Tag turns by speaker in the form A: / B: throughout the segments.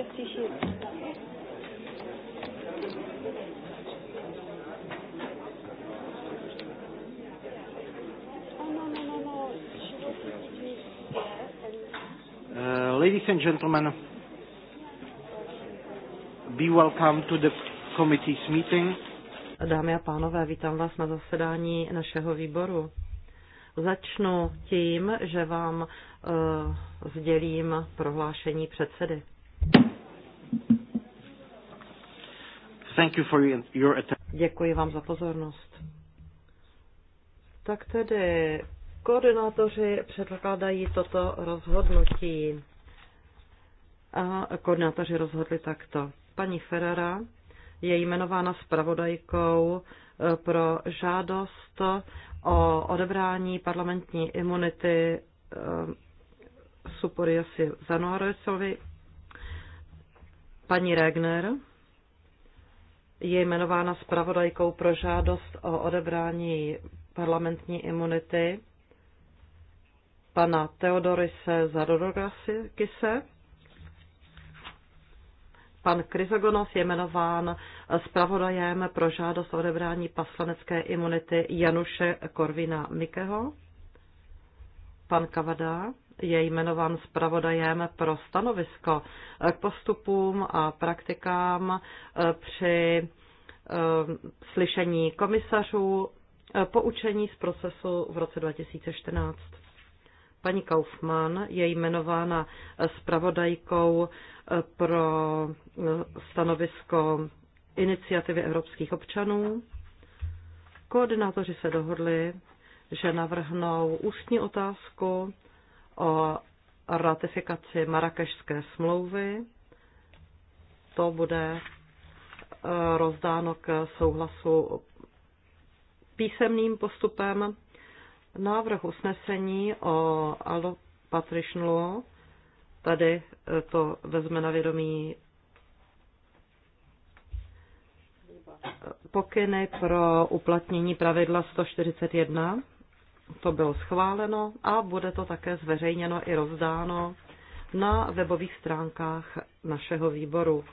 A: Uh,
B: ladies and gentlemen, be welcome to the committee's meeting. Dámy a pánové, vítám vás na zasedání našeho výboru. Začnu tím, že vám uh, sdělím prohlášení předsedy. Thank you for your Děkuji vám za pozornost. Tak tedy koordinátoři předkládají toto rozhodnutí. A koordinátoři rozhodli takto. Paní Ferrara je jmenována zpravodajkou eh, pro žádost o odebrání parlamentní imunity eh, Suporiasi Zanoresovi. Paní Regner je jmenována zpravodajkou pro žádost o odebrání parlamentní imunity pana Teodorise Zarodogasikise. Pan Kryzogonos je jmenován zpravodajem pro žádost o odebrání poslanecké imunity Januše Korvina Mikeho. Pan Kavada je jmenován zpravodajem pro stanovisko k postupům a praktikám eh, při eh, slyšení komisařů eh, poučení z procesu v roce 2014. Paní Kaufmann je jmenována zpravodajkou pro stanovisko iniciativy evropských občanů. Koordinátoři se dohodli, že navrhnou ústní otázku o ratifikaci Marrakešské smlouvy. To bude eh, rozdáno k souhlasu písemným postupem. Návrh usnesení o allopatrition law, tady eh, to vezme na vědomí eh, pokyny pro uplatnění pravidla 141 to bylo schváleno a bude to také zveřejněno i rozdáno na webových stránkách našeho výboru.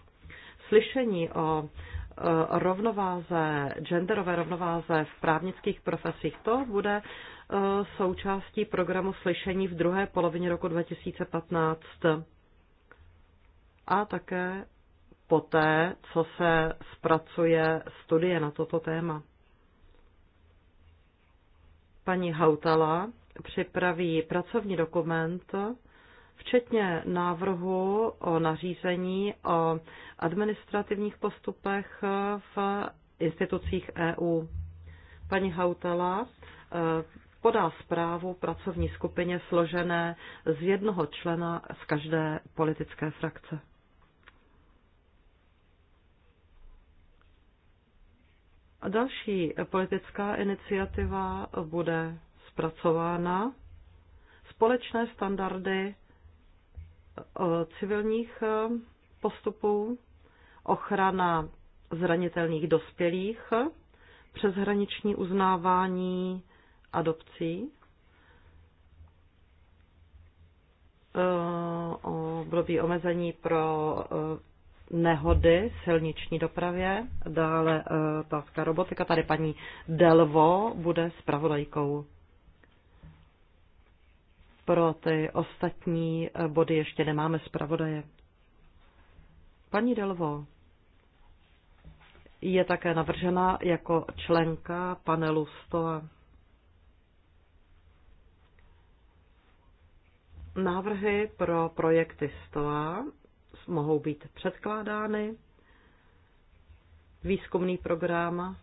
B: Slyšení o e, rovnováze, genderové rovnováze v právnických profesích, to bude e, součástí programu slyšení v druhé polovině roku 2015 a také poté, co se zpracuje studie na toto téma paní Hautala připraví pracovní dokument, včetně návrhu o nařízení o administrativních postupech v institucích EU. Paní Hautala eh, podá zprávu pracovní skupině složené z jednoho člena z každé politické frakce. A další politická iniciativa bude zpracována společné standardy eh, civilních eh, postupů, ochrana zranitelných dospělých, přeshraniční uznávání adopcí, eh, období omezení pro nehody v silniční dopravě, dále eh, otázka robotika. Tady paní Delvo bude zpravodajkou. Pro ty ostatní eh, body ještě nemáme zpravodaje. Paní Delvo je také navržena jako členka panelu STOA. Návrhy pro projekty STOA mohou být předkládány. Výzkumný program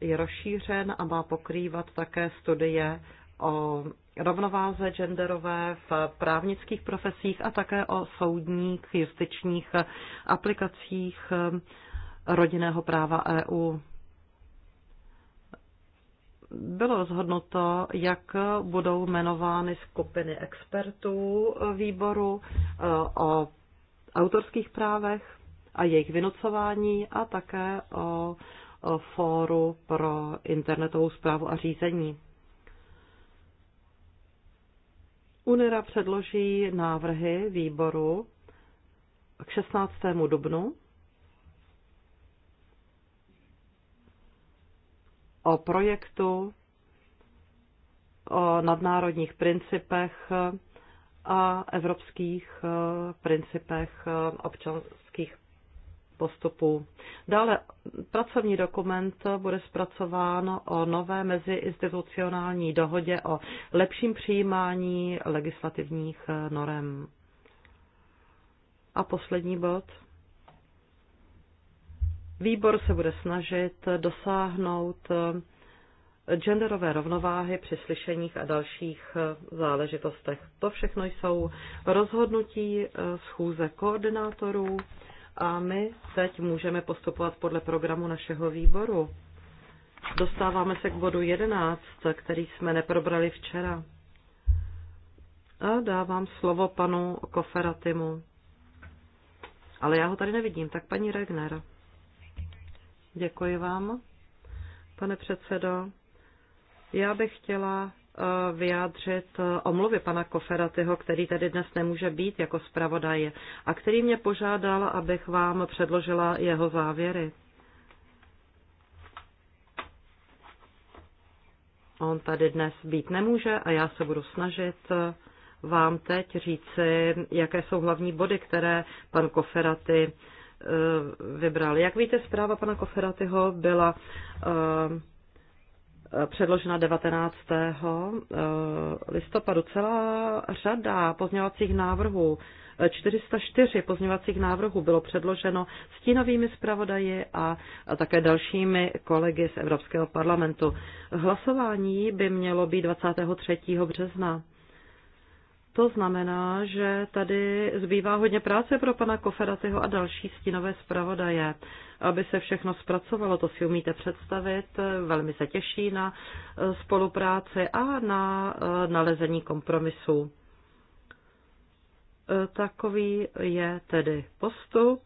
B: je rozšířen a má pokrývat také studie o rovnováze genderové v právnických profesích a také o soudních, justičních aplikacích rodinného práva EU. Bylo rozhodnuto, jak budou jmenovány skupiny expertů výboru o autorských právech a jejich vynocování a také o, o fóru pro internetovou zprávu a řízení. UNERA předloží návrhy výboru k 16. dubnu o projektu o nadnárodních principech a evropských eh, principech eh, občanských postupů. Dále pracovní dokument bude zpracován o nové meziinstitucionální dohodě o lepším přijímání legislativních eh, norem. A poslední bod. Výbor se bude snažit dosáhnout genderové rovnováhy při slyšeních a dalších eh, záležitostech. To všechno jsou rozhodnutí eh, schůze koordinátorů a my teď můžeme postupovat podle programu našeho výboru. Dostáváme se k bodu 11, který jsme neprobrali včera. A dávám slovo panu Koferatimu. Ale já ho tady nevidím, tak paní Regner. Děkuji vám, pane předsedo. Já bych chtěla eh, vyjádřit eh, omluvy pana Koferatyho, který tady dnes nemůže být jako zpravodaj a který mě požádal, abych vám předložila jeho závěry. On tady dnes být nemůže a já se budu snažit eh, vám teď říci, jaké jsou hlavní body, které pan Koferaty vybral. Jak víte, zpráva pana Koferatyho byla Eh, předložena 19. Eh, listopadu. Celá řada pozměňovacích návrhů, 404 eh, pozměňovacích návrhů bylo předloženo stínovými zpravodaji a také dalšími kolegy z Evropského parlamentu. Hlasování by mělo být 23. března. To znamená, že tady zbývá hodně práce pro pana Koferatyho a další stínové zpravodaje, aby se všechno zpracovalo. To si umíte představit. Velmi se těší na eh, spolupráci a na eh, nalezení kompromisu. Eh, takový je tedy postup.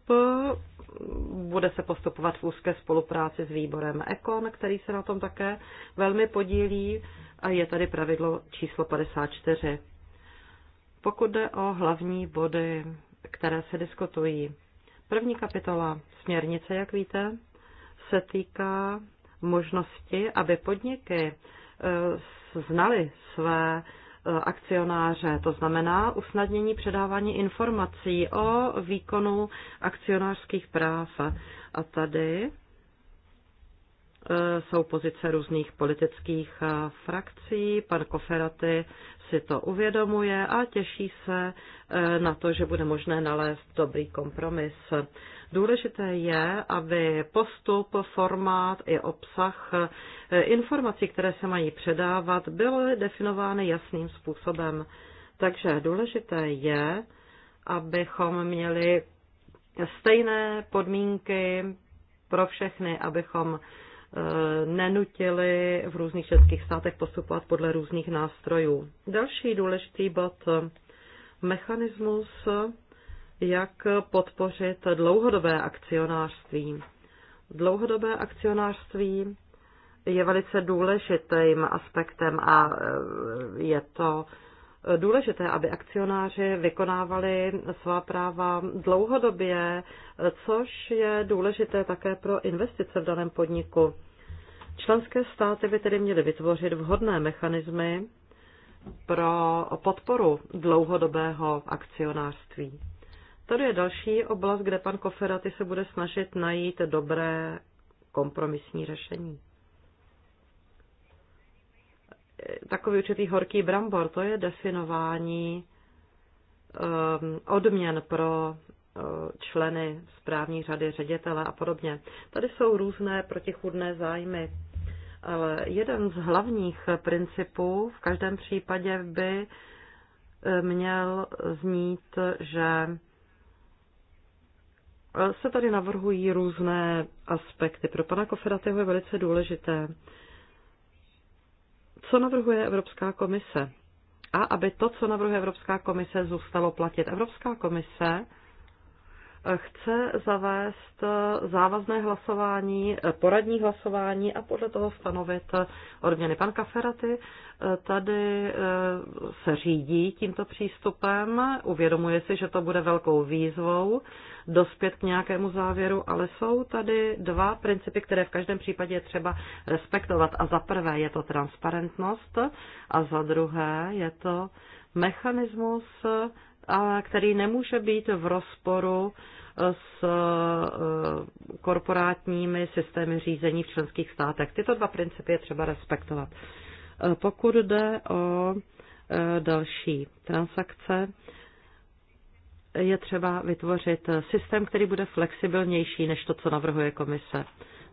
B: Bude se postupovat v úzké spolupráci s výborem Ekon, který se na tom také velmi podílí a je tady pravidlo číslo 54. Pokud jde o hlavní body, které se diskutují, první kapitola směrnice, jak víte, se týká možnosti, aby podniky eh, znali své eh, akcionáře, to znamená usnadnění předávání informací o výkonu akcionářských práv. A tady E, jsou pozice různých politických e, frakcí. Pan Koferaty si to uvědomuje a těší se e, na to, že bude možné nalézt dobrý kompromis. Důležité je, aby postup, formát i obsah informací, které se mají předávat, byly definovány jasným způsobem. Takže důležité je, abychom měli stejné podmínky pro všechny, abychom Eh, nenutili v různých českých státech postupovat podle různých nástrojů. Další důležitý bod, mechanismus, jak podpořit dlouhodobé akcionářství. Dlouhodobé akcionářství je velice důležitým aspektem a eh, je to důležité, aby akcionáři vykonávali svá práva dlouhodobě, což je důležité také pro investice v daném podniku. Členské státy by tedy měly vytvořit vhodné mechanismy pro podporu dlouhodobého akcionářství. Tady je další oblast, kde pan Koferaty se bude snažit najít dobré kompromisní řešení takový určitý horký brambor, to je definování ehm, odměn pro eh, členy správní řady, ředitele a podobně. Tady jsou různé protichudné zájmy, ale jeden z hlavních principů v každém případě by eh, měl znít, že eh, se tady navrhují různé aspekty. Pro pana Kofedatého je velice důležité, co navrhuje Evropská komise a aby to, co navrhuje Evropská komise, zůstalo platit. Evropská komise chce zavést závazné hlasování, poradní hlasování a podle toho stanovit odměny. Pan Kaferaty eh, tady eh, se řídí tímto přístupem, uvědomuje si, že to bude velkou výzvou dospět k nějakému závěru, ale jsou tady dva principy, které v každém případě je třeba respektovat. A za prvé je to transparentnost a za druhé je to mechanismus a který nemůže být v rozporu s e, korporátními systémy řízení v členských státech. Tyto dva principy je třeba respektovat. E, pokud jde o e, další transakce, je třeba vytvořit systém, který bude flexibilnější než to, co navrhuje komise.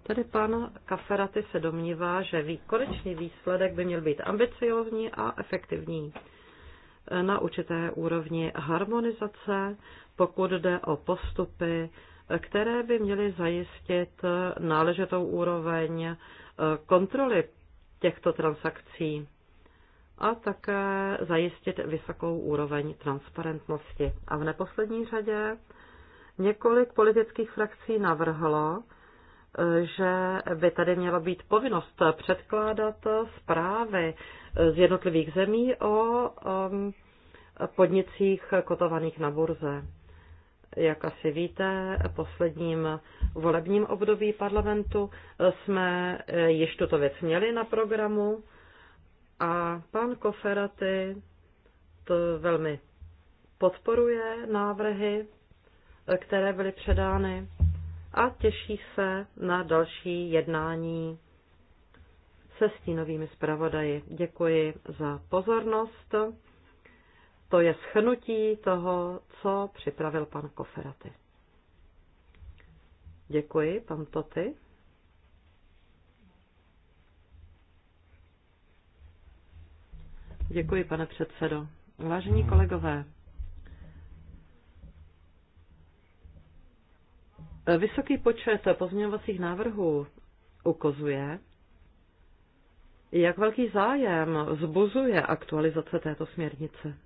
B: Tady pan Kaferaty se domnívá, že konečný výsledek by měl být ambiciozní a efektivní na určité úrovni harmonizace, pokud jde o postupy, které by měly zajistit náležitou úroveň eh, kontroly těchto transakcí a také zajistit vysokou úroveň transparentnosti. A v neposlední řadě několik politických frakcí navrhlo, eh, že by tady měla být povinnost předkládat eh, zprávy Eh, z jednotlivých zemí o eh, podnicích kotovaných na burze. Jak asi víte, posledním volebním období parlamentu eh, jsme již tuto věc měli na programu a pan Koferaty to velmi podporuje návrhy, které byly předány a těší se na další jednání se stínovými zpravodaji. Děkuji za pozornost. To je schnutí toho, co připravil pan Koferaty. Děkuji, pan Toty. Děkuji, pane předsedo. Vážení kolegové, vysoký počet pozměňovacích návrhů ukazuje, jak velký zájem zbuzuje aktualizace této směrnice.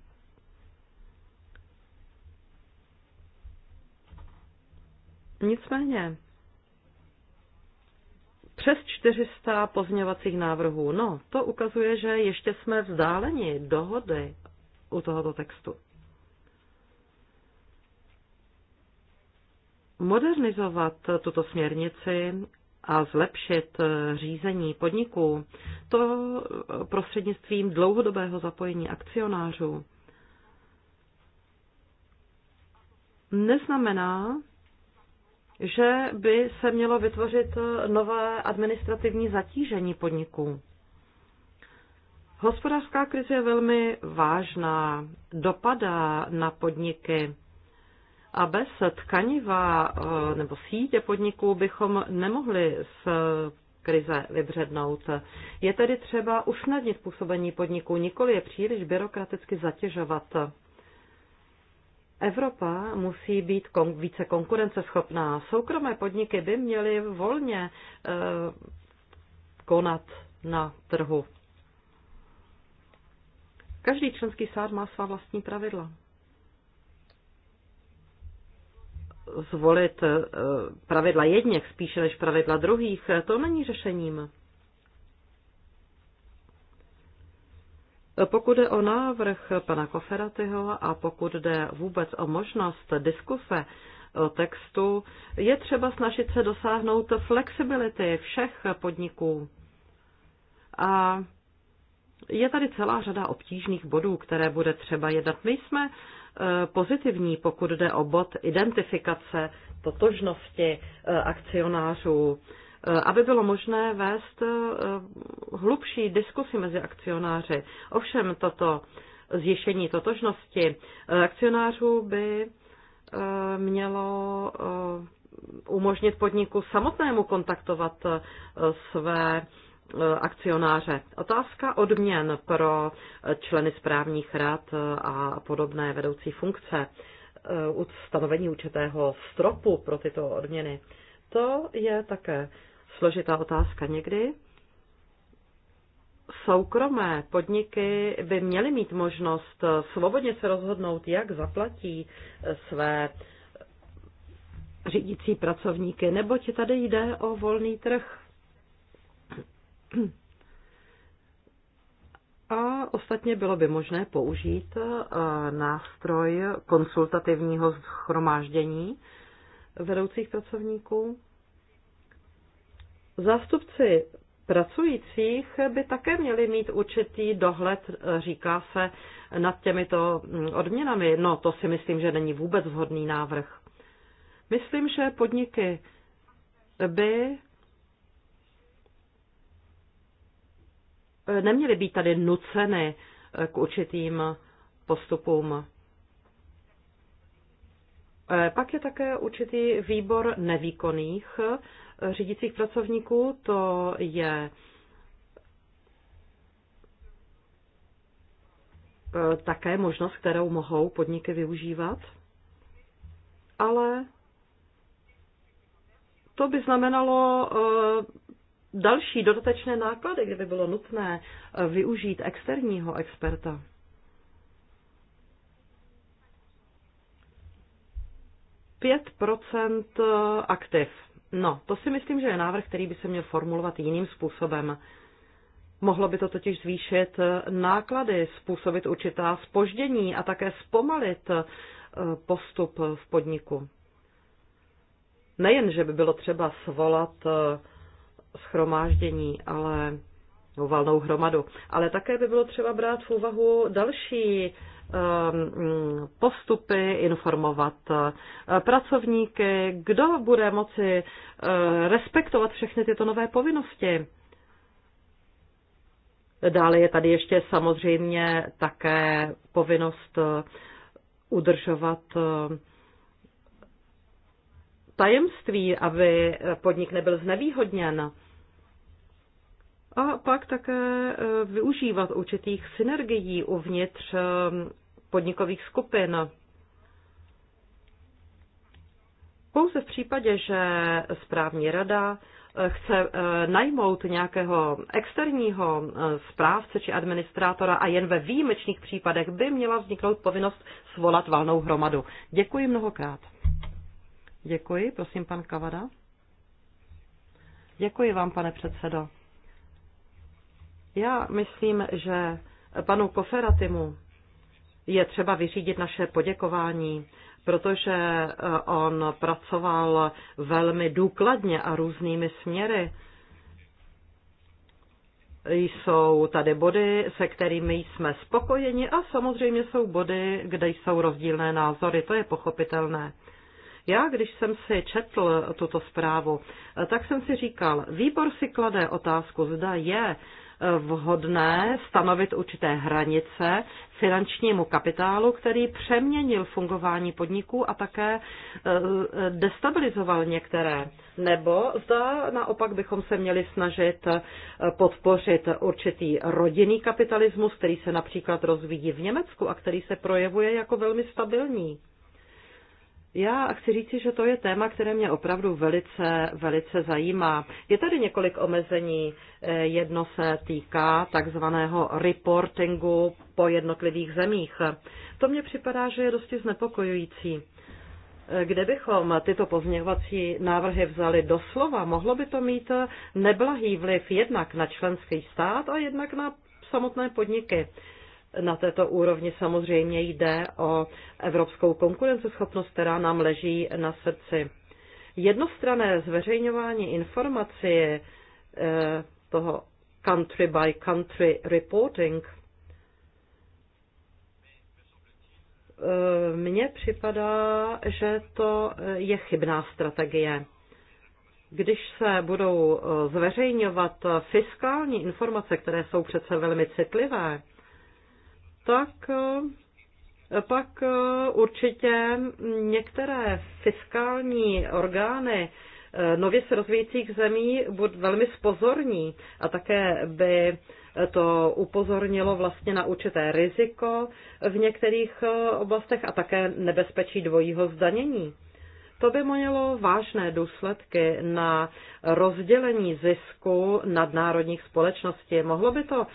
B: Nicméně, přes 400 pozměvacích návrhů. No, to ukazuje, že ještě jsme vzdáleni dohody u tohoto textu. Modernizovat tuto směrnici a zlepšit eh, řízení podniků, to eh, prostřednictvím dlouhodobého zapojení akcionářů neznamená, že by se mělo vytvořit eh, nové administrativní zatížení podniků. Hospodářská krize je velmi vážná, dopadá na podniky a bez tkaniva eh, nebo sítě podniků bychom nemohli s krize vybřednout. Je tedy třeba usnadnit působení podniků, nikoli je příliš byrokraticky zatěžovat. Evropa musí být kon- více konkurenceschopná. Soukromé podniky by měly volně e, konat na trhu. Každý členský stát má svá vlastní pravidla. zvolit eh, pravidla jedněch spíše než pravidla druhých, to není řešením. Pokud jde o návrh pana Koferatyho a pokud jde vůbec o možnost diskuse o textu, je třeba snažit se dosáhnout flexibility všech podniků. A je tady celá řada obtížných bodů, které bude třeba jednat. My jsme Eh, pozitivní, pokud jde o bod identifikace totožnosti eh, akcionářů, eh, aby bylo možné vést hlubší diskusy mezi akcionáři. Ovšem toto zjištění totožnosti akcionářů by mělo umožnit podniku samotnému kontaktovat své Eh, akcionáře. Otázka odměn pro členy správních rad eh, a podobné vedoucí funkce, eh, u stanovení určitého stropu pro tyto odměny, to je také složitá otázka někdy. Soukromé podniky by měly mít možnost svobodně se rozhodnout, jak zaplatí své řídící pracovníky, neboť tady jde o volný trh a ostatně bylo by možné použít eh, nástroj konsultativního schromáždění vedoucích pracovníků. Zástupci pracujících by také měli mít určitý dohled, eh, říká se, nad těmito mm, odměnami. No, to si myslím, že není vůbec vhodný návrh. Myslím, že podniky by neměly být tady nuceny eh, k určitým postupům. Eh, pak je také určitý výbor nevýkonných eh, řídících pracovníků, to je také možnost, kterou mohou podniky využívat, ale to by znamenalo další dodatečné náklady, kdyby bylo nutné eh, využít externího experta. Pět procent eh, aktiv. No, to si myslím, že je návrh, který by se měl formulovat jiným způsobem. Mohlo by to totiž zvýšit eh, náklady, způsobit určitá spoždění a také zpomalit postup v podniku. Nejen, že by bylo třeba svolat schromáždění, ale no, valnou hromadu. Ale také by bylo třeba brát v úvahu další ehm, postupy, informovat eh, pracovníky, kdo bude moci eh, respektovat všechny tyto nové povinnosti. Dále je tady ještě samozřejmě také povinnost eh, udržovat tajemství, aby podnik nebyl znevýhodněn a pak také e, využívat určitých synergií uvnitř e, podnikových skupin. Pouze v případě, že správní rada e, chce najmout nějakého externího správce či administrátora a jen ve výjimečných případech by měla vzniknout povinnost svolat valnou hromadu. Děkuji mnohokrát. Děkuji, prosím, pan Kavada. Děkuji vám, pane předsedo. Já myslím, že panu Koferatimu je třeba vyřídit naše poděkování, protože e, on pracoval velmi důkladně a různými směry. Jsou tady body, se kterými jsme spokojeni a samozřejmě jsou body, kde jsou rozdílné názory, to je pochopitelné. Já, když jsem si četl tuto zprávu, e, tak jsem si říkal, výbor si klade otázku, zda je vhodné stanovit určité hranice finančnímu kapitálu, který přeměnil fungování podniků a také e, destabilizoval některé. Nebo zda naopak bychom se měli snažit e, podpořit určitý rodinný kapitalismus, který se například rozvíjí v Německu a který se projevuje jako velmi stabilní. Já chci říci, že to je téma, které mě opravdu velice, velice zajímá. Je tady několik omezení. Eh, jedno se týká takzvaného reportingu po jednotlivých zemích. To mně připadá, že je dosti znepokojující. Eh, kde bychom tyto pozměňovací návrhy vzali doslova, mohlo by to mít neblahý vliv jednak na členský stát a jednak na samotné podniky na této úrovni samozřejmě jde o evropskou konkurenceschopnost, která nám leží na srdci. Jednostrané zveřejňování informací eh, toho country by country reporting eh, mně připadá, že to eh, je chybná strategie. Když se budou zveřejňovat fiskální informace, které jsou přece velmi citlivé, tak eh, pak eh, určitě některé fiskální orgány eh, nově se rozvíjících zemí budou velmi spozorní a také by to upozornilo vlastně na určité riziko v některých oblastech a také nebezpečí dvojího zdanění. To by mělo vážné důsledky na rozdělení zisku nadnárodních společností. Mohlo by to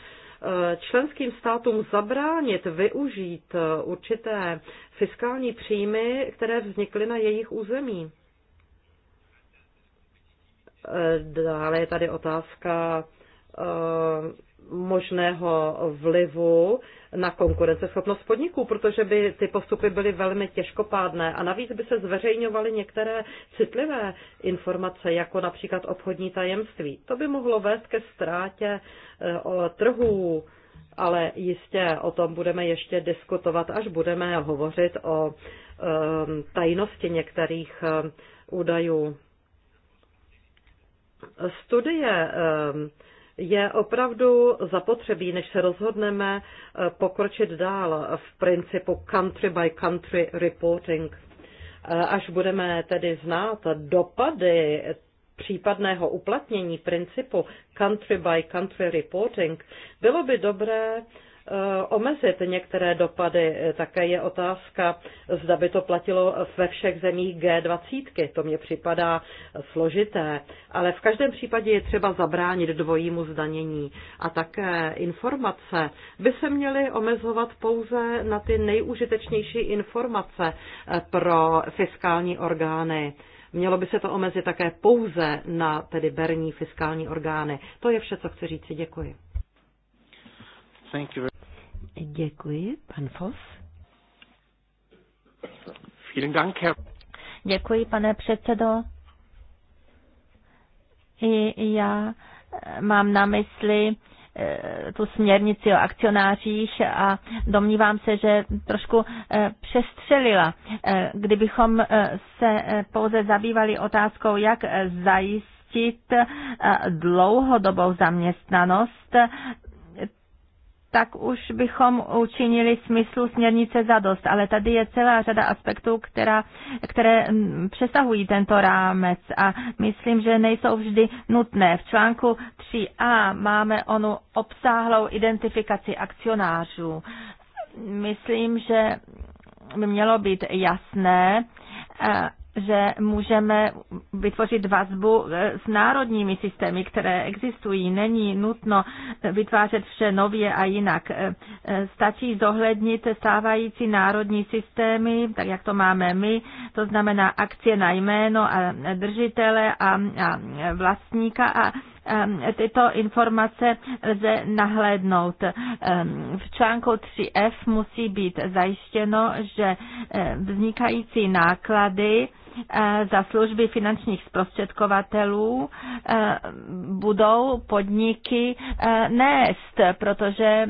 B: členským státům zabránit využít eh, určité fiskální příjmy, které vznikly na jejich území. Eh, dále je tady otázka eh, možného vlivu na konkurenceschopnost podniků, protože by ty postupy byly velmi těžkopádné a navíc by se zveřejňovaly některé citlivé informace, jako například obchodní tajemství. To by mohlo vést ke ztrátě e, trhů, ale jistě o tom budeme ještě diskutovat, až budeme hovořit o e, tajnosti některých e, údajů. Studie je opravdu zapotřebí, než se rozhodneme eh, pokročit dál v principu country by country reporting. Eh, až budeme tedy znát dopady případného uplatnění principu country by country reporting, bylo by dobré Eh, omezit některé dopady. Eh, také je otázka, zda by to platilo ve všech zemích G20. To mně připadá složité, ale v každém případě je třeba zabránit dvojímu zdanění a také informace by se měly omezovat pouze na ty nejúžitečnější informace eh, pro fiskální orgány. Mělo by se to omezit také pouze na tedy berní fiskální orgány. To je vše, co chci říct. Děkuji. Thank you Děkuji. Pan Fos.
C: Vielen Dank, Herr. Děkuji, pane předsedo. I já eh, mám na mysli eh, tu směrnici o akcionářích a domnívám se, že trošku eh, přestřelila. Kdybychom se pouze zabývali otázkou, jak zajistit dlouhodobou zaměstnanost, tak už bychom učinili smyslu směrnice za dost. Ale tady je celá řada aspektů, která, které mm, přesahují tento rámec a myslím, že nejsou vždy nutné. V článku 3a máme onu obsáhlou identifikaci akcionářů. Myslím, že by mělo být jasné, eh, že můžeme vytvořit vazbu eh, s národními systémy, které existují. Není nutno vytvářet vše nově a jinak. Eh, eh, stačí zohlednit stávající národní systémy, tak jak to máme my, to znamená akcie na jméno a držitele a, a vlastníka a Ehm, tyto informace lze nahlédnout. Ehm, v článku 3F musí být zajištěno, že ehm, vznikající náklady za služby finančních zprostředkovatelů budou podniky nést, protože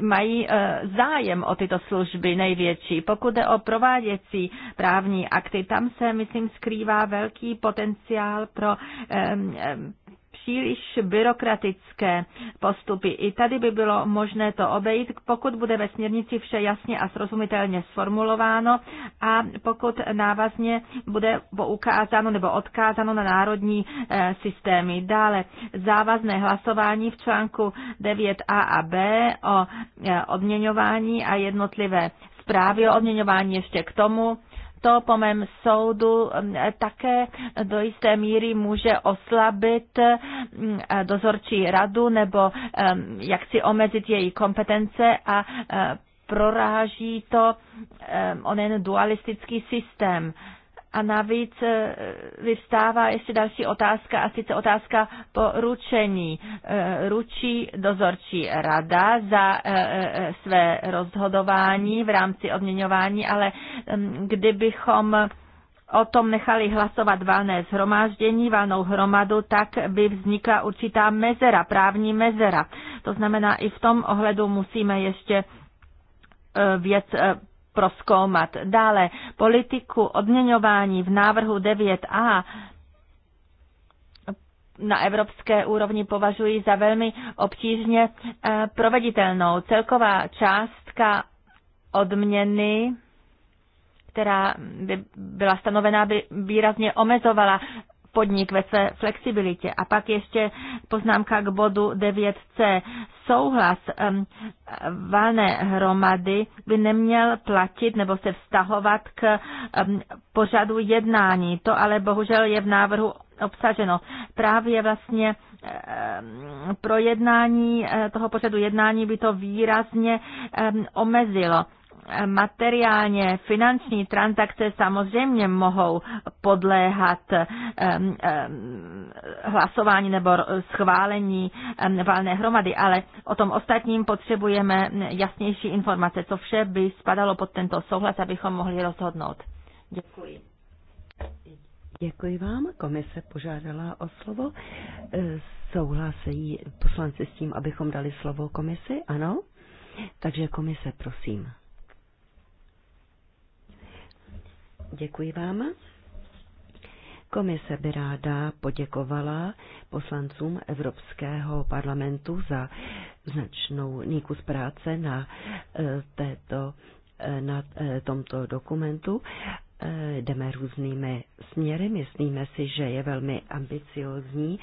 C: mají zájem o tyto služby největší. Pokud jde o prováděcí právní akty, tam se, myslím, skrývá velký potenciál pro příliš byrokratické postupy. I tady by bylo možné to obejít, pokud bude ve směrnici vše jasně a srozumitelně sformulováno a pokud návazně bude poukázáno nebo odkázáno na národní eh, systémy. Dále závazné hlasování v článku 9a a b o eh, odměňování a jednotlivé zprávy o odměňování ještě k tomu to po mém soudu mm, také do jisté míry může oslabit mm, dozorčí radu nebo mm, jak si omezit její kompetence a proráží to onen dualistický systém a navíc e, vyvstává ještě další otázka, a sice otázka po ručení. E, ručí dozorčí rada za e, své rozhodování v rámci odměňování, ale kdybychom o tom nechali hlasovat valné zhromáždění, valnou hromadu, tak by vznikla určitá mezera, právní mezera. To znamená, i v tom ohledu musíme ještě věc proskoumat. Dále politiku odměňování v návrhu 9a na evropské úrovni považuji za velmi obtížně eh, proveditelnou. Celková částka odměny která by byla stanovená, by výrazně omezovala podnik ve své flexibilitě. A pak ještě poznámka k bodu 9c. Souhlas um, valné hromady by neměl platit nebo se vztahovat k um, pořadu jednání. To ale bohužel je v návrhu obsaženo. Právě vlastně pro jednání eh, toho pořadu jednání by to výrazně omezilo materiálně finanční transakce samozřejmě mohou podléhat eh, eh, hlasování nebo schválení eh, valné hromady, ale o tom ostatním potřebujeme jasnější informace, co vše
B: by spadalo pod tento souhlas,
C: abychom mohli rozhodnout. Děkuji.
B: Děkuji vám. Komise požádala o slovo. Souhlasí poslanci s tím, abychom dali slovo komisi? Ano? Takže komise, prosím. Děkuji vám. Komise by ráda poděkovala poslancům Evropského parlamentu za značnou níkus práce na, eh, této, eh, na eh, tomto dokumentu. Jdeme různými směry, myslíme si, že je velmi ambiciozní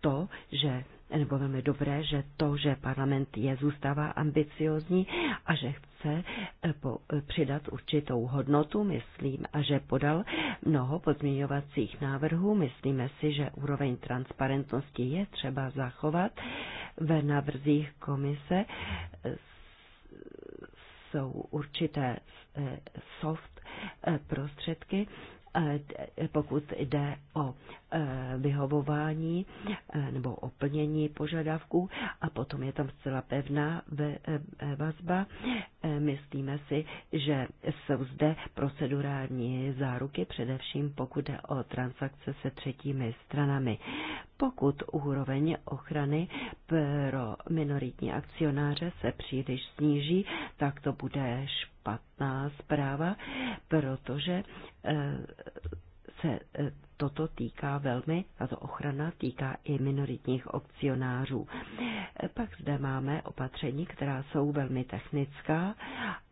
B: to, že nebo velmi dobré, že to, že parlament je zůstává ambiciozní a že chce chce eh, eh, přidat určitou hodnotu, myslím, a že podal mnoho pozměňovacích návrhů. Myslíme si, že úroveň transparentnosti je třeba zachovat. Ve navrzích komise eh, jsou určité soft prostředky, pokud jde o Eh, vyhovování eh, nebo oplnění požadavků a potom je tam zcela pevná eh, vazba. Myslíme si, že jsou zde procedurální záruky, především pokud jde o transakce se třetími stranami. Pokud úroveň ochrany pro minoritní akcionáře se příliš sníží, tak to bude špatná zpráva, protože se toto týká velmi, tato ochrana týká i minoritních opcionářů. Pak zde máme opatření, která jsou velmi technická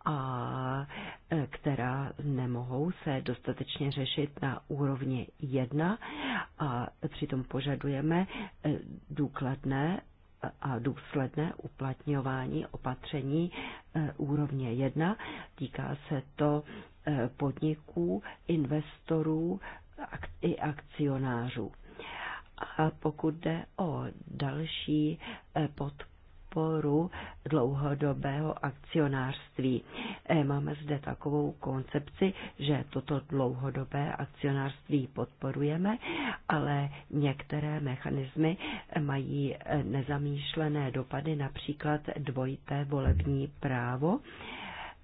B: a e, která nemohou se dostatečně řešit na úrovni 1 a přitom požadujeme e, důkladné a důsledné uplatňování opatření e, úrovně 1. Týká se to podniků, investorů, i akcionářů. A pokud jde o další eh, podporu dlouhodobého akcionářství, eh, máme zde takovou koncepci, že toto dlouhodobé akcionářství podporujeme, ale některé mechanismy eh, mají nezamýšlené dopady, například dvojité volební právo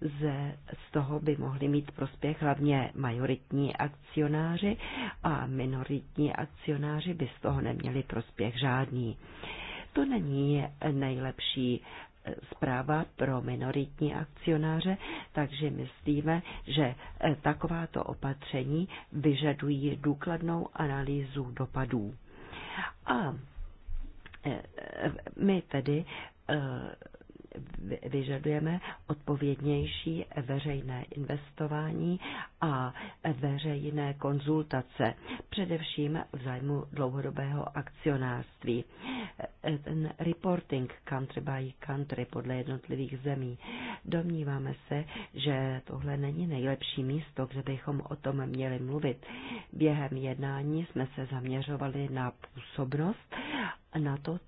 B: ze, z toho by mohli mít prospěch hlavně majoritní akcionáři a minoritní akcionáři by z toho neměli prospěch žádný. To není nejlepší eh, zpráva pro minoritní akcionáře, takže myslíme, že eh, takováto opatření vyžadují důkladnou analýzu dopadů. A eh, my tedy vyžadujeme odpovědnější veřejné investování a veřejné konzultace, především v zájmu dlouhodobého akcionářství. Ten reporting country by country podle jednotlivých zemí. Domníváme se, že tohle není nejlepší místo, kde bychom o tom měli mluvit. Během jednání jsme se zaměřovali na působnost, na to,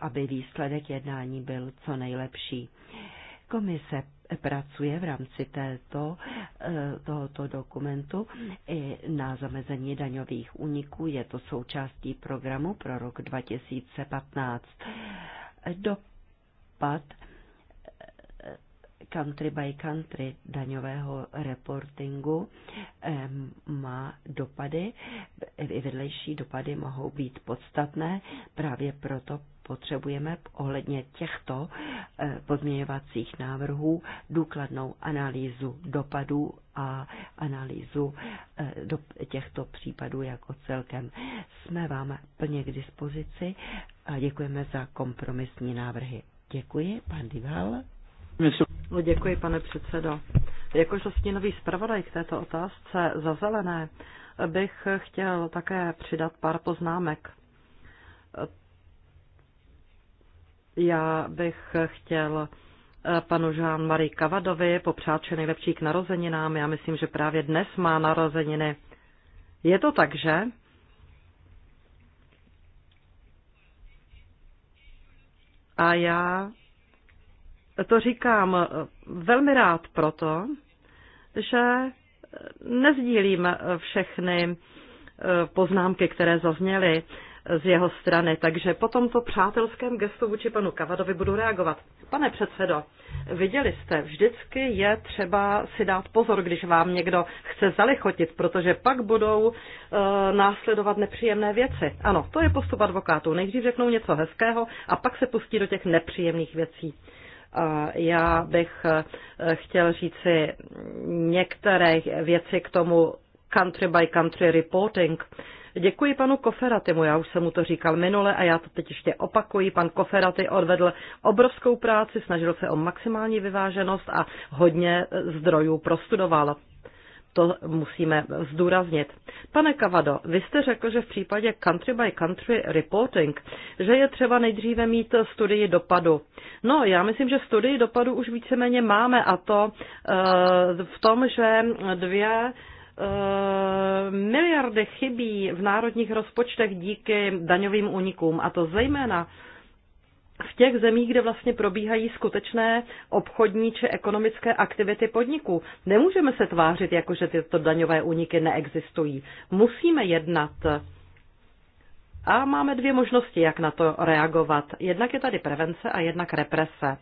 B: aby výsledek jednání byl co nejlepší. Komise pracuje v rámci této, eh, tohoto dokumentu i na zamezení daňových úniků. Je to součástí programu pro rok 2015. Dopad eh, country by country daňového reportingu eh, má dopady, i vedlejší dopady mohou být podstatné, právě proto potřebujeme ohledně těchto eh, pozměňovacích návrhů důkladnou analýzu dopadů a analýzu eh, do těchto případů jako celkem. Jsme vám plně k dispozici a děkujeme za kompromisní návrhy. Děkuji, pan Dival. No, děkuji, pane předsedo. Jakožto stínový zpravodaj k této otázce za zelené bych chtěl také přidat pár poznámek. Já bych chtěl eh, panu Jean-Marie Kavadovi popřát vše nejlepší k narozeninám. Já myslím, že právě dnes má narozeniny. Je to tak, že? A já to říkám eh, velmi rád proto, že eh, nezdílím všechny poznámky, které zazněly z jeho strany, takže po tomto přátelském gestu vůči panu Kavadovi budu reagovat. Pane předsedo, viděli jste, vždycky je třeba si dát pozor, když vám někdo chce zalichotit, protože pak budou e, následovat nepříjemné věci. Ano, to je postup advokátů. Nejdřív řeknou něco hezkého a pak se pustí do těch nepříjemných věcí. Já bych e, chtěl říci některé věci k tomu country by country reporting. Děkuji panu Koferatimu, já už jsem mu to říkal minule a já to teď ještě opakuji. Pan Koferaty odvedl obrovskou práci, snažil se o maximální vyváženost a hodně zdrojů prostudoval. To musíme zdůraznit. Pane Kavado, vy jste řekl, že v případě country by country reporting, že je třeba nejdříve mít studii dopadu. No, já myslím, že studii dopadu už víceméně máme a to uh, v tom, že dvě Eh, miliardy chybí v národních rozpočtech díky daňovým unikům a to zejména v těch zemích, kde vlastně probíhají skutečné obchodní či ekonomické aktivity podniků. Nemůžeme se tvářit, jako že tyto daňové úniky neexistují. Musíme jednat. A máme dvě možnosti, jak na to reagovat. Jednak je tady prevence a jednak represe.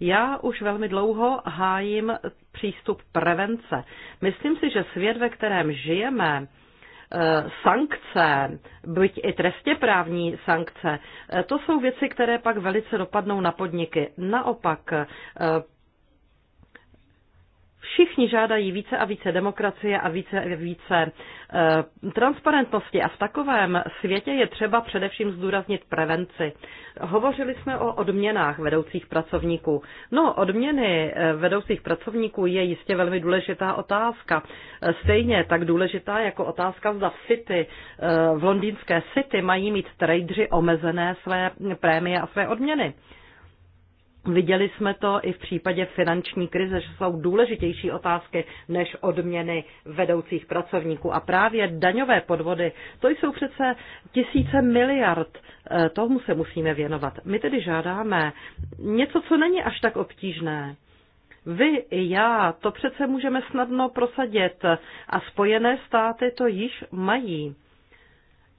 B: Já už velmi dlouho hájím přístup prevence. Myslím si, že svět, ve kterém žijeme, eh, sankce, byť i trestně právní sankce, eh, to jsou věci, které pak velice dopadnou na podniky. Naopak eh, Všichni žádají více a více demokracie a více a více eh, transparentnosti a v takovém světě je třeba především zdůraznit prevenci. Hovořili jsme o odměnách vedoucích pracovníků. No, odměny eh, vedoucích pracovníků je jistě velmi důležitá otázka. Eh, stejně tak důležitá jako otázka, zda v City, v londýnské City mají mít tradeři omezené své prémie a své odměny. Viděli jsme to i v případě finanční krize, že jsou důležitější otázky než odměny vedoucích pracovníků. A právě daňové podvody, to jsou přece tisíce miliard. E, tomu se musíme věnovat. My tedy žádáme něco, co není až tak obtížné. Vy i já to přece můžeme snadno prosadit a Spojené státy to již mají.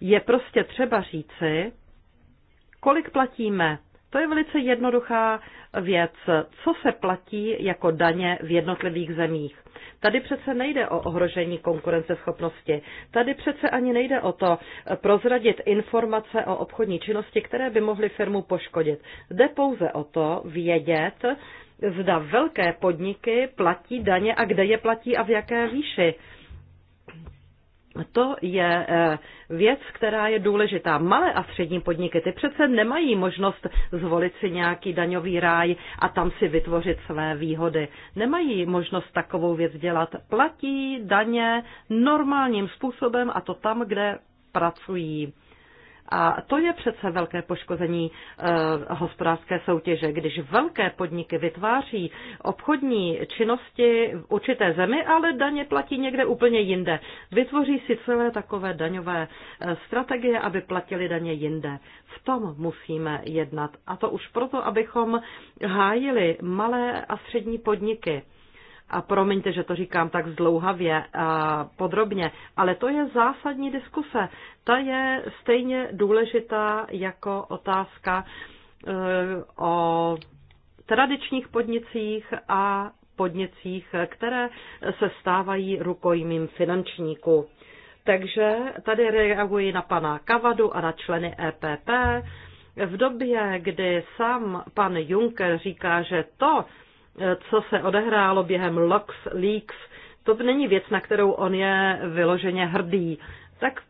B: Je prostě třeba říci, kolik platíme to je velice jednoduchá věc, co se platí jako daně v jednotlivých zemích. Tady přece nejde o ohrožení konkurenceschopnosti. Tady přece ani nejde o to prozradit informace o obchodní činnosti, které by mohly firmu poškodit. Jde pouze o to vědět, zda velké podniky platí daně a kde je platí a v jaké výši to je eh, věc, která je důležitá. Malé a střední podniky, ty přece nemají možnost zvolit si nějaký daňový ráj a tam si vytvořit své výhody. Nemají možnost takovou věc dělat. Platí daně normálním způsobem a to tam, kde pracují. A to je přece velké poškození eh, hospodářské soutěže, když velké podniky vytváří obchodní činnosti v určité zemi, ale daně platí někde úplně jinde. Vytvoří si celé takové daňové eh, strategie, aby platili daně jinde. V tom musíme jednat. A to už proto, abychom hájili malé a střední podniky a promiňte, že to říkám tak zdlouhavě a podrobně, ale to je zásadní diskuse. Ta je stejně důležitá jako otázka e, o tradičních podnicích a podnicích, které se stávají rukojmím finančníků. Takže tady reaguji na pana Kavadu a na členy EPP. V době, kdy sám pan Juncker říká, že to, Eh, co se odehrálo během Lux Leaks, to není věc, na kterou on je vyloženě hrdý. Tak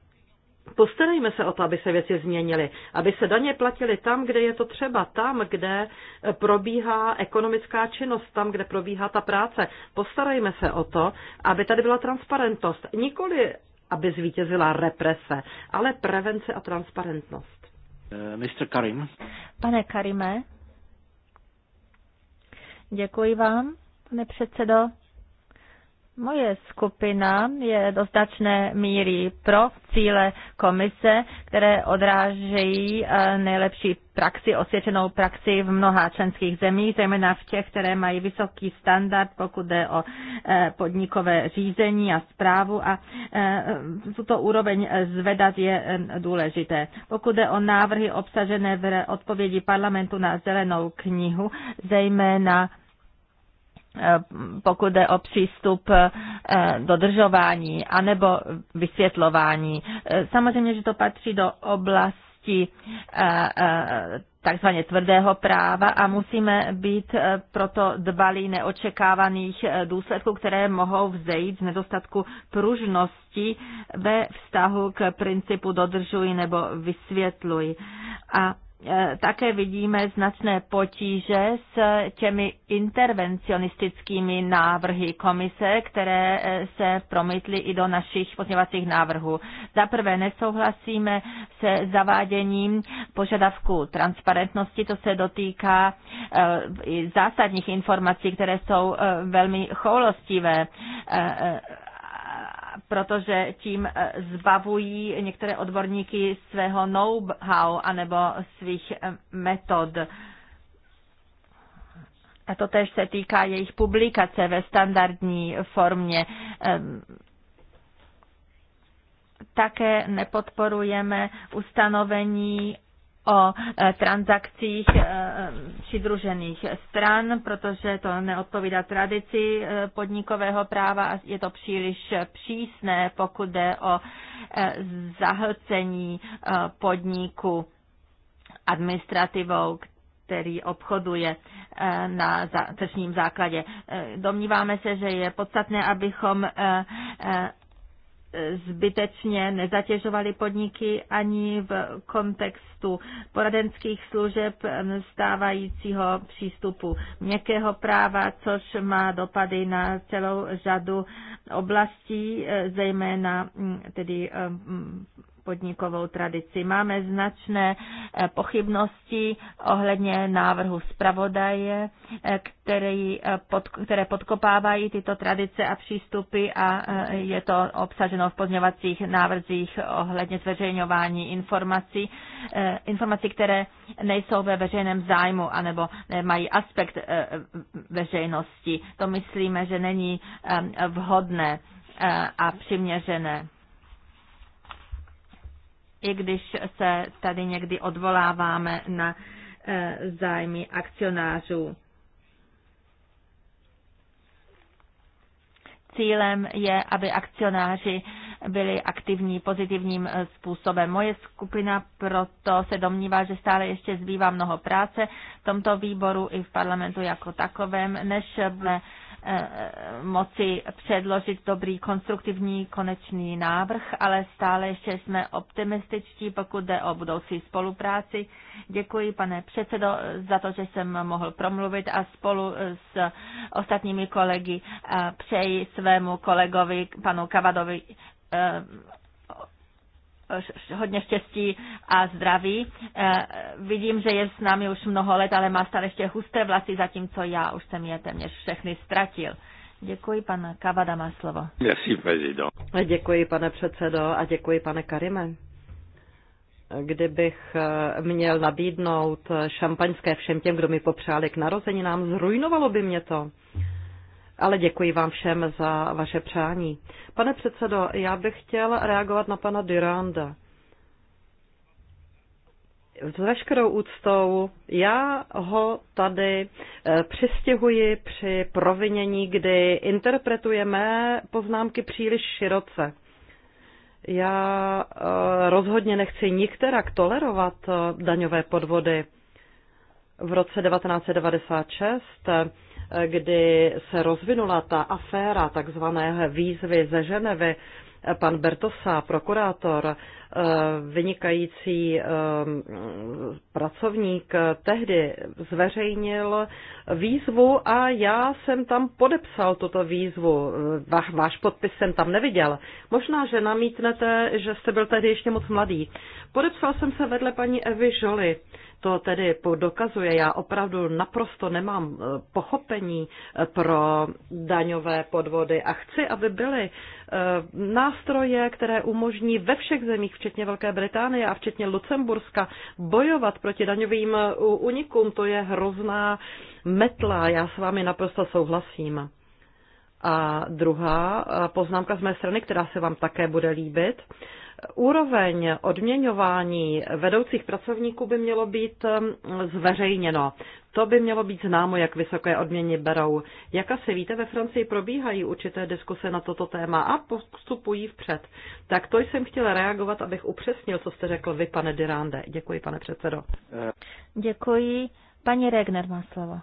B: Postarejme se o to, aby se věci změnily, aby se daně platily tam, kde je to třeba, tam, kde probíhá ekonomická činnost, tam, kde probíhá ta práce. Postarejme se o to, aby tady byla transparentnost. Nikoli, aby zvítězila represe, ale prevence a transparentnost. Eh, Mr. Karim. Pane Karime, Děkuji vám,
C: pane předsedo. Moje skupina je do značné míry pro cíle komise, které odrážejí eh, nejlepší praxi, osvědčenou praxi v mnoha členských zemích, zejména v těch, které mají vysoký standard, pokud jde o eh, podnikové řízení a zprávu a eh, tuto úroveň zvedat je důležité. Pokud jde o návrhy obsažené v odpovědi parlamentu na zelenou knihu, zejména pokud jde o přístup eh, dodržování anebo vysvětlování. Eh, samozřejmě, že to patří do oblasti eh, takzvaně tvrdého práva a musíme být proto dbalí neočekávaných důsledků, které mohou vzejít z nedostatku pružnosti ve vztahu k principu dodržuj nebo vysvětluj. A E, také vidíme značné potíže s těmi intervencionistickými návrhy komise, které e, se promítly i do našich pozměvacích návrhů. Za prvé nesouhlasíme se zaváděním požadavku transparentnosti, to se dotýká e, zásadních informací, které jsou velmi choulostivé protože tím eh, zbavují některé odborníky svého know-how anebo svých eh, metod. A to tež se týká jejich publikace ve standardní formě. Ehm, také nepodporujeme ustanovení o e, transakcích e, přidružených stran, protože to neodpovídá tradici e, podnikového práva a je to příliš přísné, pokud jde o zahlcení podniku administrativou, který obchoduje na tržním základě. Domníváme se, že je podstatné, abychom zbytečně nezatěžovali podniky ani v kontextu poradenských služeb stávajícího přístupu měkkého práva, což má dopady na celou řadu oblastí, e, zejména mm, tedy podnikovou tradici. Máme značné eh, pochybnosti ohledně návrhu zpravodaje, eh, který eh, pod, které podkopávají tyto tradice a přístupy a je to obsaženo v pozměňovacích návrzích ohledně zveřejňování informací, informací, které nejsou ve veřejném zájmu anebo mají aspekt veřejnosti. To myslíme, že není vhodné a přiměřené i když se tady někdy odvoláváme na e, zájmy akcionářů. Cílem je, aby akcionáři byli aktivní pozitivním e, způsobem. Moje skupina proto se domnívá, že stále ještě zbývá mnoho práce v tomto výboru i v parlamentu jako takovém, než budeme Eh, eh, moci předložit dobrý konstruktivní konečný návrh, ale stále ještě jsme optimističtí, pokud jde o budoucí spolupráci. Děkuji, pane předsedo, za to, že jsem mohl promluvit a spolu s ostatními kolegy přeji svému kolegovi, panu Kavadovi, eh, Eh, hodně štěstí a zdraví. Eh, vidím, že je s námi už mnoho let, ale má stále ještě husté vlasy, zatímco já už jsem je téměř všechny
B: ztratil. Děkuji, pan Kavada má slovo. Merci, Děkuji, pane předsedo, a děkuji, pane Karime. Kdybych eh, měl nabídnout šampaňské všem těm, kdo mi popřáli k narozeninám, zrujnovalo by mě to ale děkuji vám všem za vaše přání. Pane předsedo, já bych chtěl reagovat na pana Duranda. S veškerou úctou, já ho tady eh, přistihuji při provinění, kdy interpretujeme poznámky příliš široce. Já eh, rozhodně nechci nikterak tolerovat eh, daňové podvody. V roce 1996 kdy se rozvinula ta aféra takzvané výzvy ze Ženevy, pan Bertosa, prokurátor, Eh, vynikající eh, pracovník tehdy zveřejnil výzvu a já jsem tam podepsal tuto výzvu. Váš podpis jsem tam neviděl. Možná, že namítnete, že jste byl tehdy ještě moc mladý. Podepsal jsem se vedle paní Evy Žoli. To tedy dokazuje, já opravdu naprosto nemám eh, pochopení pro daňové podvody a chci, aby byly nástroje, které umožní ve všech zemích, včetně Velké Británie a včetně Lucemburska, bojovat proti daňovým unikům, to je hrozná metla. Já s vámi naprosto souhlasím. A druhá poznámka z mé strany, která se vám také bude líbit, Úroveň odměňování vedoucích pracovníků by mělo být um, zveřejněno. To by mělo být známo, jak vysoké odměny berou. Jak asi víte, ve Francii probíhají určité diskuse na toto téma a postupují vpřed. Tak to jsem chtěla reagovat, abych upřesnil, co jste řekl vy, pane Dirande. Děkuji, pane předsedo. Děkuji. Paní Regner má slovo.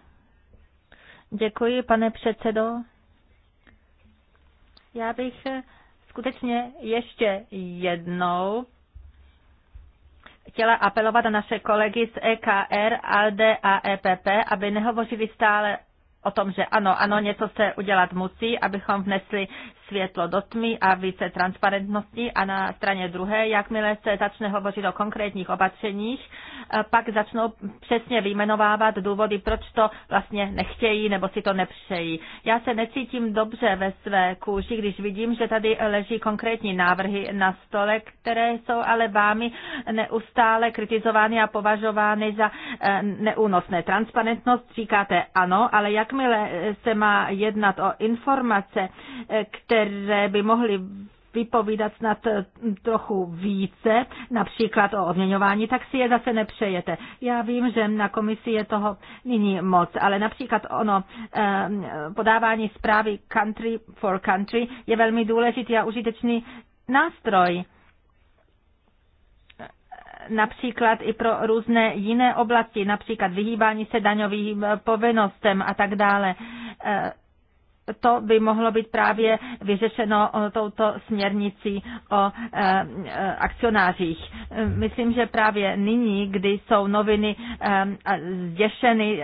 B: Děkuji, pane předsedo.
C: Já bych skutečně ještě jednou chtěla apelovat na naše kolegy z EKR, ALDE a EPP, aby nehovořili stále o tom, že ano, ano, něco se udělat musí, abychom vnesli světlo do tmy a více transparentnosti a na straně druhé, jakmile se začne hovořit o konkrétních opatřeních, eh, pak začnou přesně vyjmenovávat důvody, proč to vlastně nechtějí nebo si to nepřejí. Já se necítím dobře ve své kůži, když vidím, že tady leží konkrétní návrhy na stole, které jsou ale vámi neustále kritizovány a považovány za eh, neúnosné. Transparentnost říkáte ano, ale jak jakmile se má jednat o informace, které by mohly vypovídat snad trochu více, například o odměňování, tak si je zase nepřejete. Já vím, že na komisi je toho nyní moc, ale například ono ehm, podávání zprávy country for country je velmi důležitý a užitečný nástroj například i pro různé jiné oblasti, například vyhýbání se daňovým povinnostem a tak dále to by mohlo být právě vyřešeno touto směrnicí o e, e, akcionářích. E, hmm. Myslím, že právě nyní, kdy jsou noviny zděšeny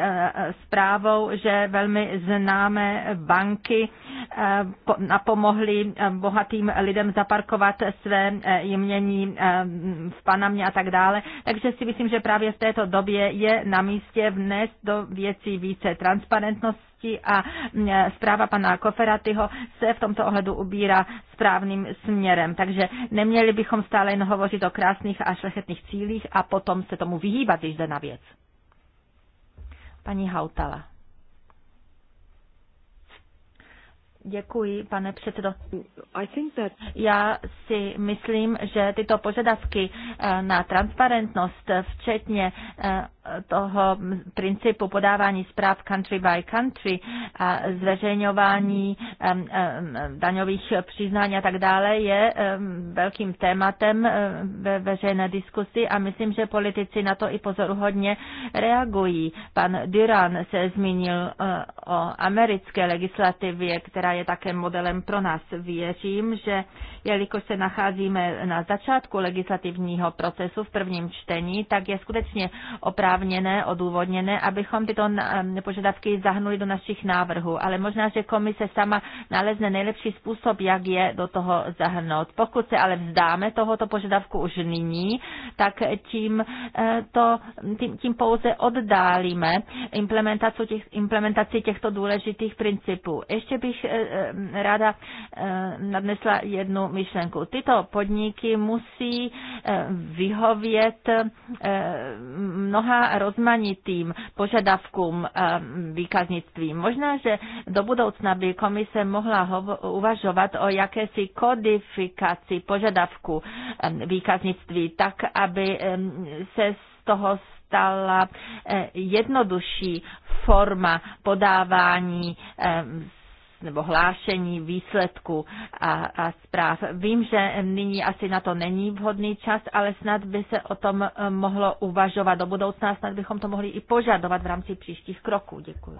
C: zprávou, že velmi známé banky napomohly bohatým lidem zaparkovat své jmění v Panamě a tak dále. Takže si myslím, že právě v této době je na místě vnést do věcí více transparentnost veřejnosti a zpráva pana Koferatyho se v tomto ohledu ubírá správným směrem. Takže neměli bychom stále jen hovořit o krásných a šlechetných cílích a potom se tomu vyhýbat, když jde na věc. Paní Hautala. Děkuji, pane předsedo. Já si myslím, že tyto požadavky eh, na transparentnost, včetně eh, toho principu podávání zpráv country by country a zveřejňování daňových přiznání a tak dále je velkým tématem ve veřejné diskusi a myslím, že politici na to i pozoruhodně reagují. Pan Duran se zmínil e, o americké legislativě, která je také modelem pro nás. Věřím, že jelikož se nacházíme na začátku legislativního procesu v prvním čtení, tak je skutečně opravdu oprávněné, odůvodněné, abychom tyto um, požadavky zahnuli do našich návrhů. Ale možná, že komise sama nalezne nejlepší způsob, jak je do toho zahrnout. Pokud se ale vzdáme tohoto požadavku už nyní, tak tím, eh, to, tím, tím pouze oddálíme implementaci, těch, implementaci těchto důležitých principů. Ještě bych eh, eh, ráda nadnesla jednu myšlenku. Tyto podniky musí vyhovět mnoha rozmanitým požadavkům eh, výkaznictví. Možná, že do budoucna by komise mohla uvažovat o jakési kodifikaci požadavku eh, výkaznictví, tak aby eh, se z toho stala jednodušší forma podávání nebo hlášení výsledků a, a zpráv. Vím, že nyní asi na to není vhodný čas, ale snad by se o tom eh, mohlo uvažovat do budoucna, snad bychom
B: to mohli i požadovat v rámci příštích kroků. Děkuji.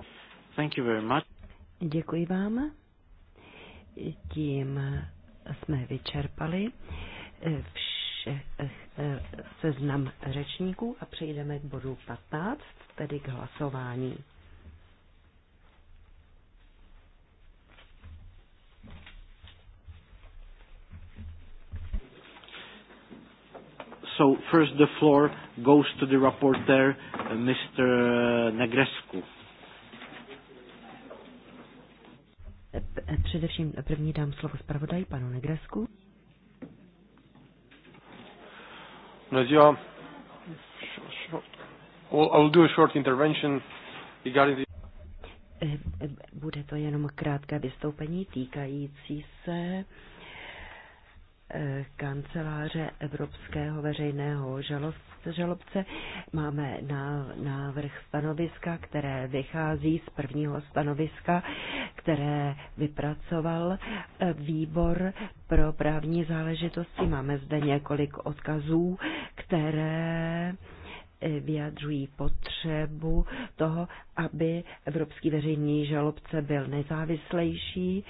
C: Thank you very much.
B: Děkuji vám. Tím jsme vyčerpali eh, vše, eh, seznam řečníků a přejdeme k bodu 15, tedy k hlasování. So first, the floor goes to the rapporteur, uh, Mr. Uh, Negrescu. Především první dám slovo zpravodaji panu Negresku. Bună I will do a short intervention regarding the... Eh, eh, bude to jenom krátké vystoupení týkající se kanceláře Evropského veřejného žalobce. Máme návrh stanoviska, které vychází z prvního stanoviska, které vypracoval eh, výbor pro právní záležitosti. Máme zde několik odkazů, které eh, vyjadřují potřebu toho, aby Evropský veřejný žalobce byl nezávislejší,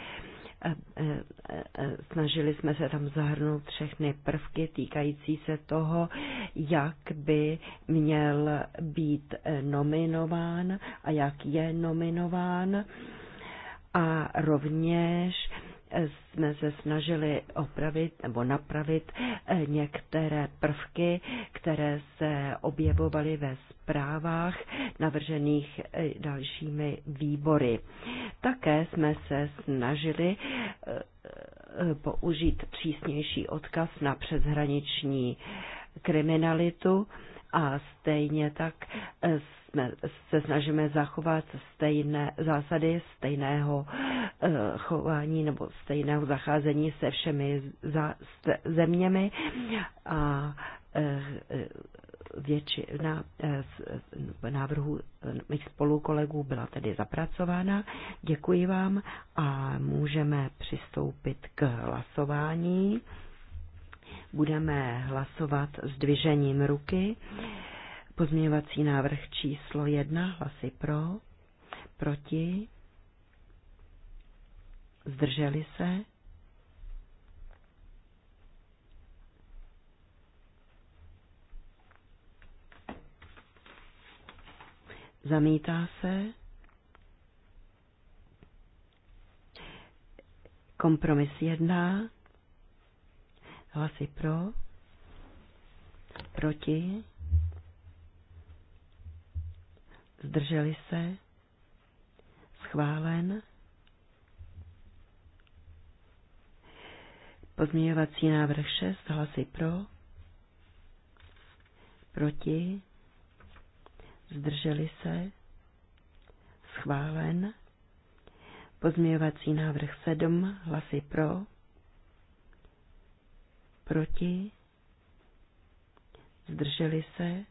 B: snažili jsme se tam zahrnout všechny prvky týkající se toho, jak by měl být e, nominován a jak je nominován. A rovněž e, jsme se snažili opravit nebo napravit e, některé prvky, které se objevovaly ve zprávách navržených dalšími výbory. Také jsme se snažili eh, eh, použít přísnější odkaz na přeshraniční kriminalitu a stejně tak eh, jsme, se snažíme zachovat stejné zásady stejného chování nebo stejného zacházení se všemi zeměmi a na eh, většina návrhu mých spolukolegů byla tedy zapracována. Děkuji vám a můžeme přistoupit k hlasování. Budeme hlasovat s dvižením ruky. Pozměňovací návrh číslo 1, hlasy pro, proti, zdrželi se, zamítá se. Kompromis jedná hlasy pro, proti, zdrželi se, schválen. Pozměňovací návrh 6, hlasy pro, proti, zdrželi se, schválen. Pozměňovací návrh sedm, hlasy pro, proti, zdrželi se,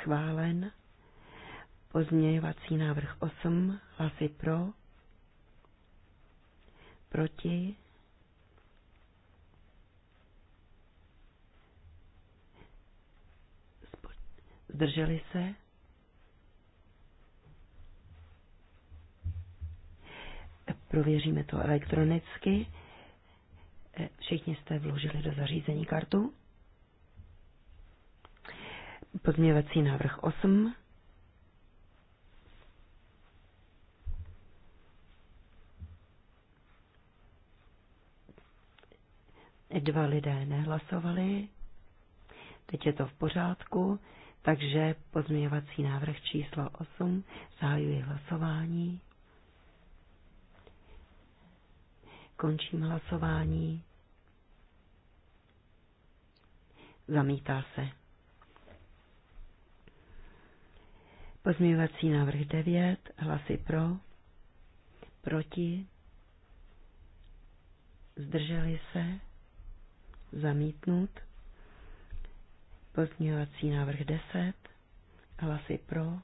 B: schválen. Pozměňovací návrh osm, hlasy pro, proti, Zdrželi se? Prověříme to elektronicky. E, všichni jste vložili do zařízení kartu. Pozměvací návrh 8. Dva lidé nehlasovali. Teď je to v pořádku. Takže pozměňovací návrh číslo 8 zahajuji hlasování. Končím hlasování. Zamítá se. Pozměňovací návrh 9, hlasy pro, proti, zdrželi se, zamítnut. Pozměňovací návrh 10. Hlasy pro.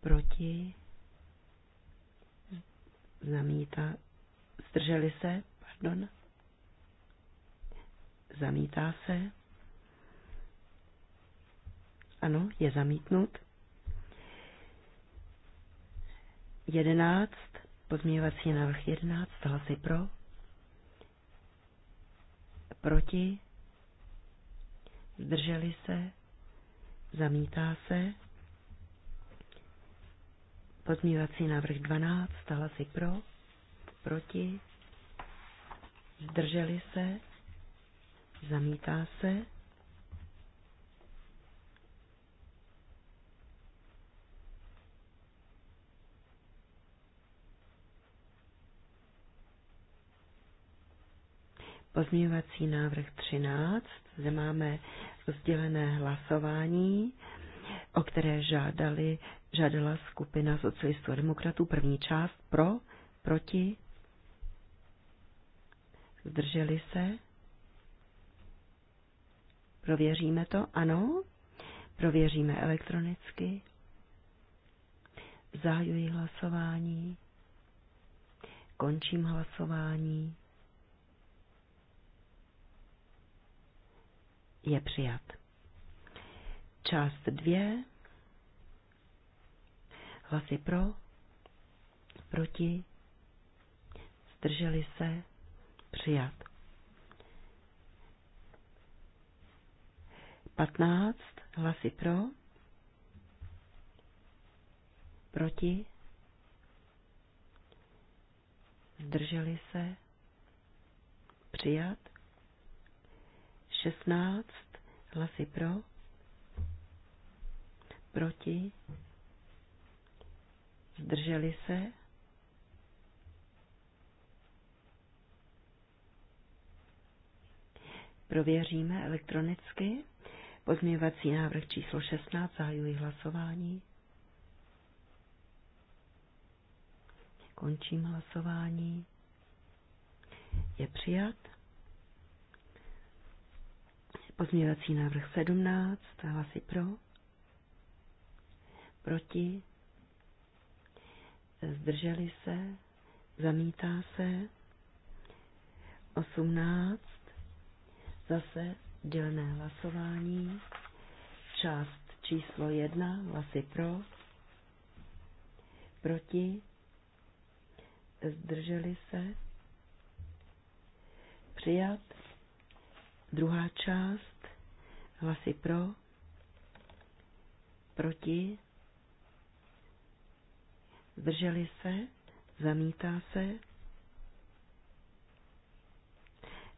B: Proti. Zamítá. Zdrželi se. Pardon. Zamítá se. Ano, je zamítnut. 11. Pozměňovací návrh 11. Hlasy pro. Proti zdrželi se, zamítá se. pozmívací návrh 12, si pro, proti, zdrželi se, zamítá se. Pozměňovací návrh 13. Zde máme rozdělené hlasování, o které žádali, žádala skupina socialistů a demokratů. První část pro, proti, zdrželi se. Prověříme to, ano. Prověříme elektronicky. Zahajuji hlasování. Končím hlasování. je přijat. Část dvě. Hlasy pro, proti, zdrželi se, přijat. 15 hlasy pro, proti, zdrželi se, přijat. 16 hlasy pro, proti, zdrželi se, Prověříme elektronicky. Pozměňovací návrh číslo 16 zahajuji hlasování. Končím hlasování. Je přijat. Pozměňovací návrh 17, hlasy pro, proti, zdrželi se, zamítá se, 18, zase dělné hlasování, část číslo 1, hlasy pro, proti, zdrželi se, přijat, Druhá část. Hlasy pro. Proti. Zdrželi se. Zamítá se.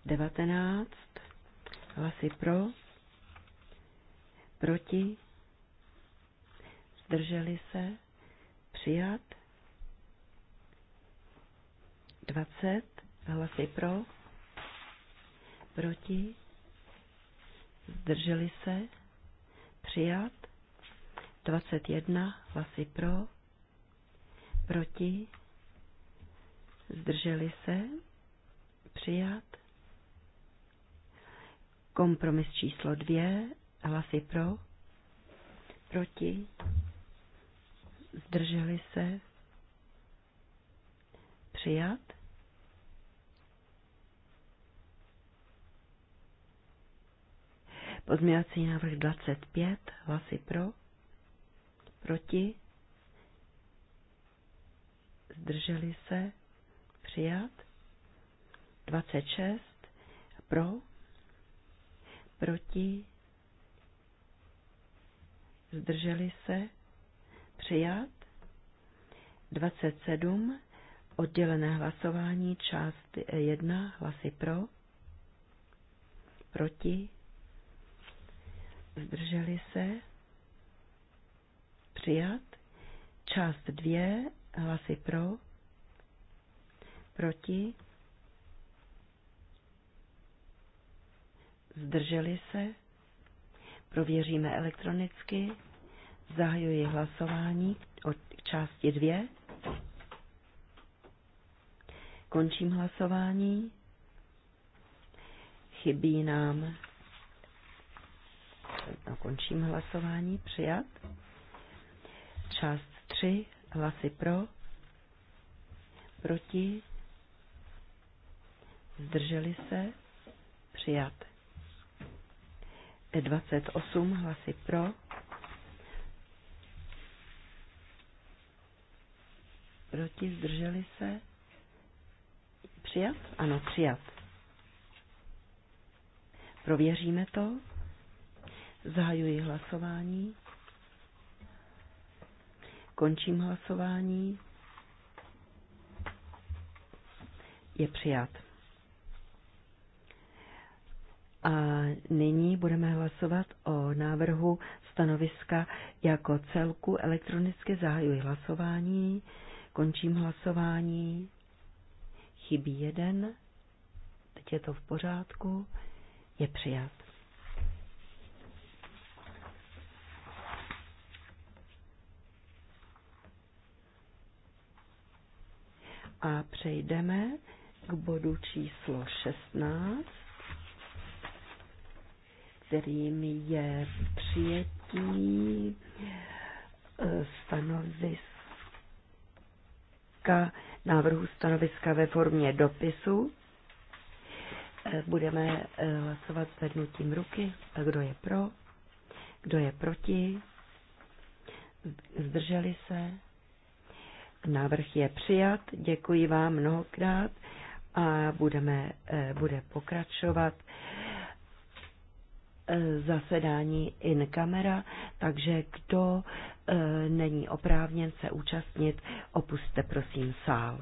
B: 19. Hlasy pro. Proti. Zdrželi se. Přijat. 20. Hlasy pro. Proti zdrželi se, přijat, 21 hlasy pro, proti, zdrželi se, přijat, kompromis číslo 2 hlasy pro, proti, zdrželi se, přijat, Pozměňovací návrh 25, hlasy pro, proti, zdrželi se, přijat. 26, pro, proti, zdrželi se, přijat. 27, oddělené hlasování, část 1, hlasy pro, proti, zdrželi se, přijat. Část dvě, hlasy pro, proti, zdrželi se, prověříme elektronicky, zahajuji hlasování od části dvě, končím hlasování, chybí nám Končím hlasování. Přijat. Část 3. Hlasy pro. Proti. Zdrželi se. Přijat. 28 hlasy pro. Proti zdrželi se. Přijat? Ano, přijat. Prověříme to. Zahajuji hlasování. Končím hlasování. Je přijat. A nyní budeme hlasovat o návrhu stanoviska jako celku. Elektronicky zahajuji hlasování, končím hlasování, chybí jeden, teď je to v pořádku, je přijat. A přejdeme k bodu číslo 16, kterým je přijetí eh, stanoviska, návrhu stanoviska ve formě dopisu. Eh, budeme eh, hlasovat zvednutím ruky. A kdo je pro? Kdo je proti? Zdrželi se? Návrh je přijat, děkuji vám mnohokrát a budeme, eh, bude pokračovat eh, zasedání in camera, takže kdo eh, není oprávněn se účastnit, opuste prosím sál.